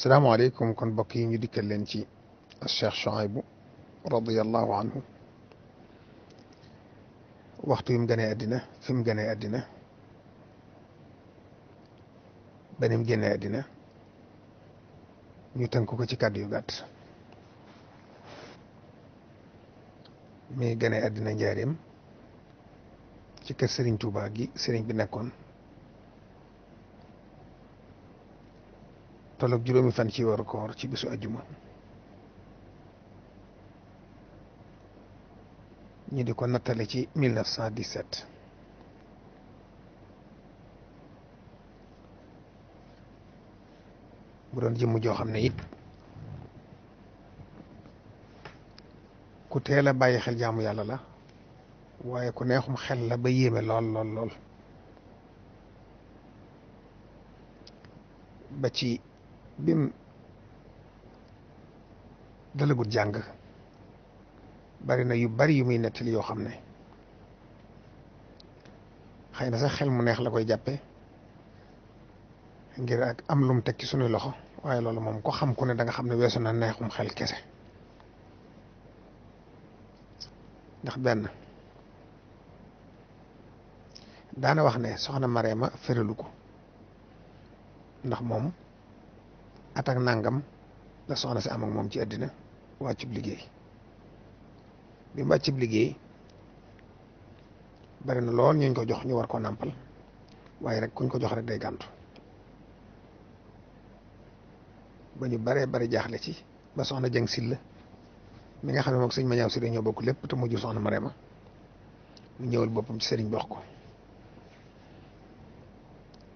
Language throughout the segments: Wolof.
salaamaaleykum kon mbokk yi ñu dikkal leen ci Cheikh Chouaïbou radiyallahu anhu waxtu yi mu gënee àddina fi mu gënee àddina ba ni mu génnee àddina ñu tënk ko ci kàddu yu gàtt mi gënee àddina njaareem ci kër Serigne Touba gi Serigne bi nekkoon. tolloog juróomi fan ci weeru koor ci bisu ajjuma ñu di ko nattale ci 1917 bu doon jëmm joo xam ne it ku teel a bàyyi xel jaamu yàlla la waaye ku neexum xel la ba yéeme lool lool lool ba ci bim dalagut jàng bari na yu bari yu muy nettali yoo xam ne xëy na sax xel mu neex la koy jàppe ngir ak am lum teg ci sunuy loxo waaye loolu moom ko xam ku ne da nga xam ne weesu na neexum xel kese ndax benn daana wax ne soxna Mareema fëralu ko ndax moom at ak nangam la soxna si am moom ci àddina wàccub liggéey bi mu wàccub liggéey bari na lool ñuñ ko jox ñu war ko nàmpal waaye rek kuñ ko jox rek day gàntu ba ñu baree bari jaaxle ci ba soxna jëng silla mi nga xam ne moom sëñ ma ñaaw si ñoo bokk lépp te mujj soxna Marema mu ñëwal boppam ci sëriñ box ko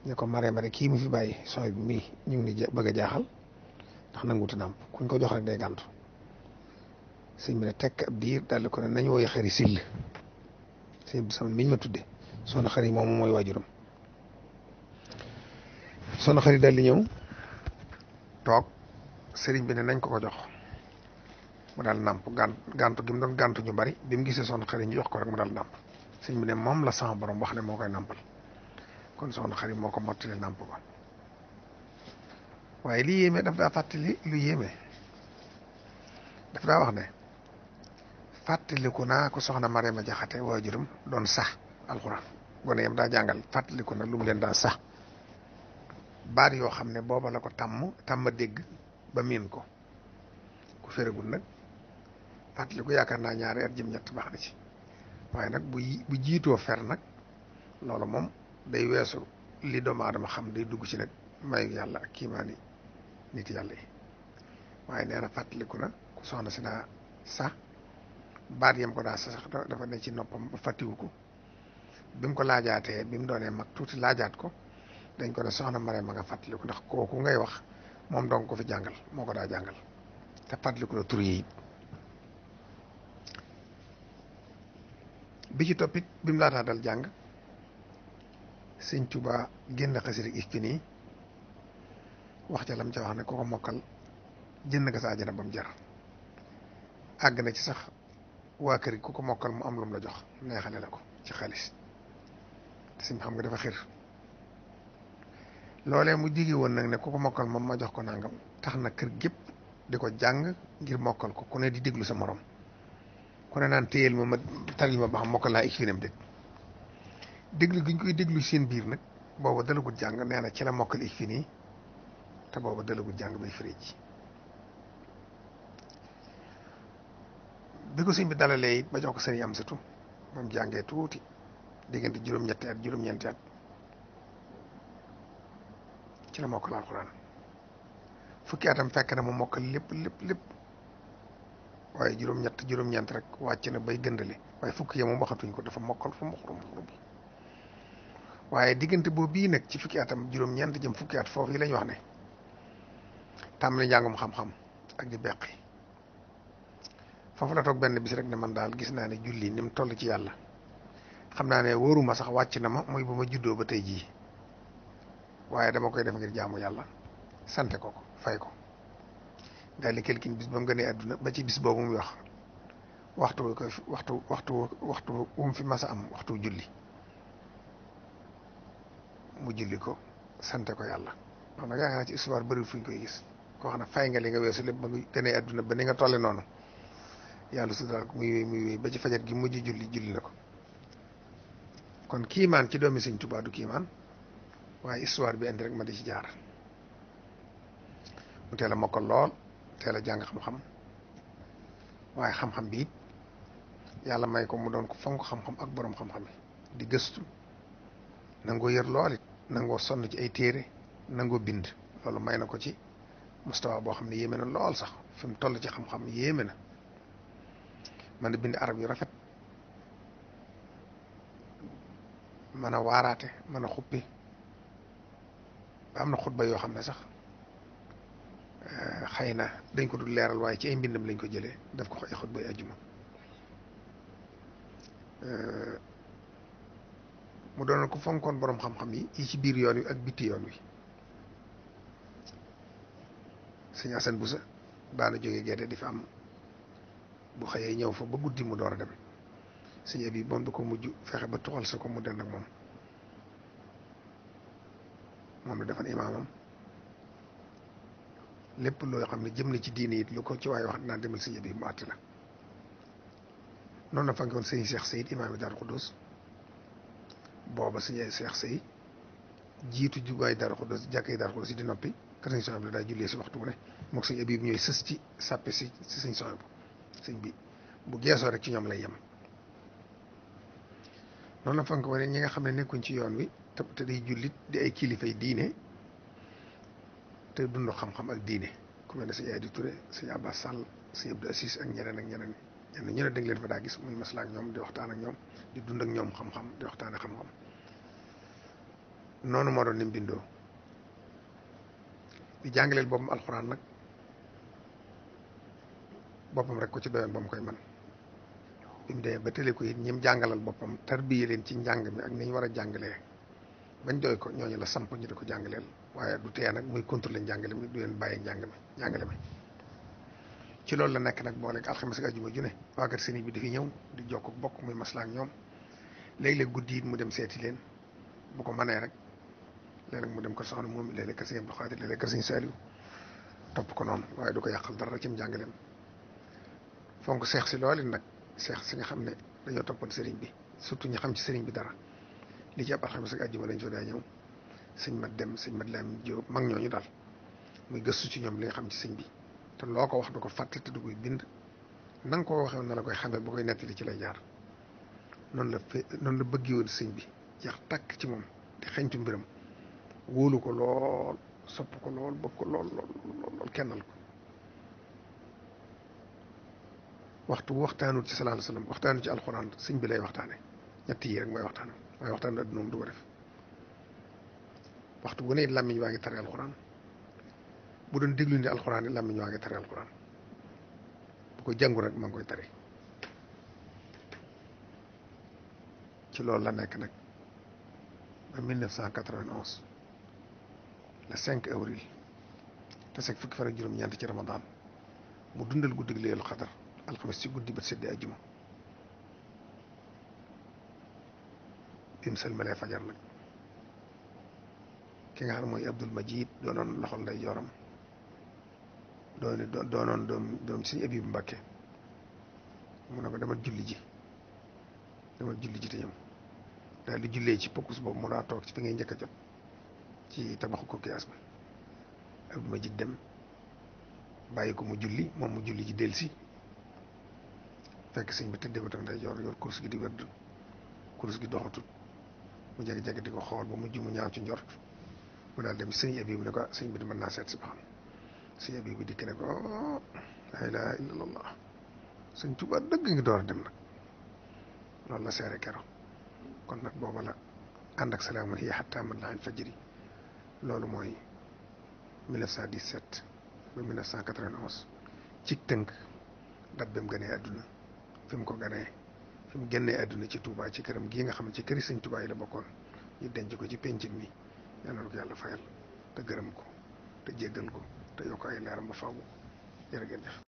ñu ko maree mare kii mu fi bàyyi sooy bi mii ñu ngi ni bëgg jaaxal ndax nanguuti nàmp kuñ ko jox rek day gàntu sëñ bi ne tekk ab diir ko ne nañ wooy xari sill sëñ miñ ma tudde soxna xari moom mooy waajuram soxna xari daal di ñëw toog sëriñ bi ne nañ ko jox mu daal nàmp gàntu gi mu doon gàntu ñu bari bi mu gisee soxna xari ko rek mu daal nàmp sëñ bi ne moom la sama borom wax ne moo koy nàmpal kon soxna xarit moko ko mottali ba waye li yeme daf daa fàttali lu yeme daf daa wax ne fàttaliku naa ko soxna Mariama Jaxate wajurum don sax alquran gone yam da jangal fatali kuna lu mu leen daa sax baat yoo xam ne booba tam ko tàmm ba min ko ku férégul nag fàttaliku yaakaar naa ñaar at jim ñet bax na ci waye nak bu bu fer nak lolo mom day wessu li doomu adam xam day dugg ci nag mayu yalla ak kiimaani nit yalla yi waaye nee na fàttaliku na ku soxna sina sa bar yam ko daa sax dafa ne ci nopam ba fàttiwu ko bi ko lajate bim doone mak tuti lajat ko dañ ko da soxna mare ma nga ko ndax koku ngay wax mom dong ko fi jangal moko da jangal jàngal te fàttaliku na tur yi bi ci topic bim la dal jang sëñ Tuba génn xasida Ihfini wax ca lam ca wax ne ku ko mokkal jënd nga sa àjjana ba jar àgg na ci sax waa kër gi ku ko mokkal mu am lu la jox neexale la ko ci xaalis te xam nga dafa xir loole mu jigi woon nag ne ku ko mokkal moom ma jox ko nangam tax na kër gépp di ko jàng ngir mokkal ko ku ne di déglu sa morom ku ne naan téyel ma ma taril ma ba xam mokkal laa Ihfini am dégg déglu gi ñu koy déglu seen biir nag booba dalagu jàng nee na ci la mokkal ik fi te booba dalagu jàng bay firi ji bi ko sëñ bi dalalee it ba jox ko sëñ am satu moom jàngee tuuti diggante juróom-ñetti at juróom-ñeenti ci la mokkal alxuraan fukki atam fekk na mu mokkal lépp lépp lépp waaye juróom-ñett juróom-ñeent rek wàcc na bay gëndale waaye fukki ya moom waxatuñ ko dafa mokkal fu mu xurum xurum waaye diggante boobu bii nag ci fukki atam juróom-ñeent jëm fukki at foofu yi lañ wax ne tàmbali njàngum xam-xam ak di beqi foofu la toog benn bis rek ne man daal gis naa ne julli ni mu toll ci yàlla xam naa ne waruma sax wàcc na ma muy ba ma juddoo ba tey jii waaye dama koy def ngir jaamu yàlla sante ko ko fay ko daal di kelkin bis ba mu gënee àdduna ba ci bis boobu muy wax waxtu waxtu waxtu waxtu wum fi masa am waxtu julli mu julli ko sante ko yàlla noonu nga yaakaar ci histoire bëri fuñ koy gis koo xam ne fay nga li nga weesu lépp ba nga gënee àdduna ba ni nga noonu yàlla su daal muy wéy muy ba ci fajar gi mujj julli julli na ko kon kiman ci doomi sëñ tubaa du kiimaan waaye histoire bi andi rek ma di ci jaar mu teel a mokkal lool teel a jàng xam-xam waaye xam-xam bi yàlla may ko mu doon ko fonk xam-xam ak borom xam-xam di gëstu nangoo yër lool nangoo sonn ci ay téere nangoo bind loolu may na ko ci mustawa boo xam ne yéeme na lool sax fi mu toll ci xam-xam yéeme na man a bind arab yu rafet mën a waaraate mën a xuppi ba am na xutba yoo xam ne sax eh, xëy na dañ ko dul leeral waaye ci ay mbindam lañ ko jëlee def ko ay xutba yu ajjuma eh, mu doonal ko fonkoon boroom xam-xam yi yi ci biir yoon wi ak bitti yoon wi sëñ Asan Busa daana jógee gerte di fa am bu xëyee ñëw fa ba guddi mu doon a dem sëñ abi moom du fexe ba tuxal sa ko mu dend ak moom moom la defan imaamam lépp loo xam ne jëm na ci diini yi lu ko ci waaye wax naa demal sëñ abi mu àtt la noonu la fa ngi woon sëñ Cheikh Seyd imaam yi Daaru Xuddus booba suñu cheikh sey jitu jiitu jugaay dara xudas jàkkee dara xudas yi di nopi kër sëñ soxna bi daa jullee si waxtu ne mok suñu abib ñoy seess ci sàppe ci suñu soob suñu bi bu geeso rek ci ñom lay yam noonu la fonk wane ñi nga xamne nekkun ci yoon wi te te day julit di ay kilifa yi diine te dundu xam-xam ak diine ku mel ne sëñ Aydi Touré sëñ Abbas Sall sëñ Abdou Assis ak ñeneen ak ñeneen ñenn ñu ne dañ leen fa daa gis muy maslaa ñoom di waxtaan ak ñoom di dund ak ñoom xam-xam di waxtaan ak xam-xam noonu moo doon ni mu bindoo di jàngaleel boppam alxuraan nag boppam rek ko ci doyoon ba mu koy man bi mu demee ba tële ko it ñim jàngalal boppam tarbiye leen ci njàng mi ak ni ñu war a jàngalee bañ doy ko ñooñu la samp ñu di ko jàngaleel waaye du tee nag muy contrôler njàngale mi du leen bàyyi njàng mi njàngale mi ci loolu la nekk nag booleeg alxames ak àjjuma ju ne waa kër sëriñ bi dafi ñëw di jokk bokk muy maslaa ak ñoom léeg-léeg guddi mu dem seeti leen bu ko mënee rek léeg-léeg mu dem kër soxna moom léeg-léeg kër sëriñ Abdou Xaadir léeg-léeg kër sëriñ Saliou topp ko noonu waaye du ko yàqal dara ci mu jàngaleem fonk seex si loolu nag seex si nga xam ne dañoo toppoon sëriñ bi surtout ñi xam ci sëriñ bi dara li ci ab alxames ak àjjuma lañ fa daa ñëw sëñ mat dem sëñ mat laam jóob mag ñooñu daal muy gëstu ci ñoom li xam ci sëñ bi te loo ko wax du ko fàttali te du koy bind na nga ko waxee na la koy xamee bu koy nettali ci lay jaar noonu la fe noonu la bëggee woon sëñ bi jeex takk ci moom di xeñtu mbiram wóolu ko lool sopp ko lool bëgg ko lool lool lool kennal ko waxtu waxtaanul ci sallallahu alayhi wasallam waxtaanu ci alxuraan sëñ bi lay waxtaane ñett yi rek mooy waxtaanam waaye waxtaanu adduna moom du ko def waxtu wu ne làmmiñ waa ngi tari alxuraan bu doon déglu ni alxuraan yi làmmiñ waa ngi tari alxuraan bu ko jàngu rek maa koy tari ci loolu la nekk nag ba 1991 le te seeg fukki fan juróom-ñeent ci Ramadan mu dundal guddi gi Laylatul Qadr alxames ci guddi ba seddi ajjuma imsal melee fajar nag ki nga xam ne mooy Abdul Majid doonoon loxol nday yoram doon doonoon doom doom sëñ bu Mbàkke mu na ko demal julli ji demal julli ji te ñëw daal di jullee ci pokkus boobu mu daa toog ci fi ngay njëkk a jot ci tabaxu kokiyaas bi Abdou Majid dem bàyyi ko mu julli moom mu julli ji delsi fekk sëñ bi tëddee ba tam day yor yor kurus gi di wedd kurus gi doxatut mu jege jege di ko xool ba mu ji ñaaw ci njort mu daal dem sëñ Abibu bu ko ah, sëñ bi di mën naa seet si ba xam sëñ bi bu dikk ne ko oh, laa ilaaha illallah sëñ Tuubaa dëgg ngi door a dem nag loolu la seere kero kon nag booba la ànd ak salaamun hiya hattaa matla'il fajri loolu mooy 1917 ba 1991 ci tënk dab bi mu gënee àdduna fi ko gënee fi mu génnee àdduna ci Touba ci këram gii nga xam ne ci këri sëñ Touba yi la bokkoon ñu denc ko ci pénc mi yal na ko yàlla fayal te gërëm ko te jéggal ko te yokk ay leeram ba faaw jërë ngeen jëf.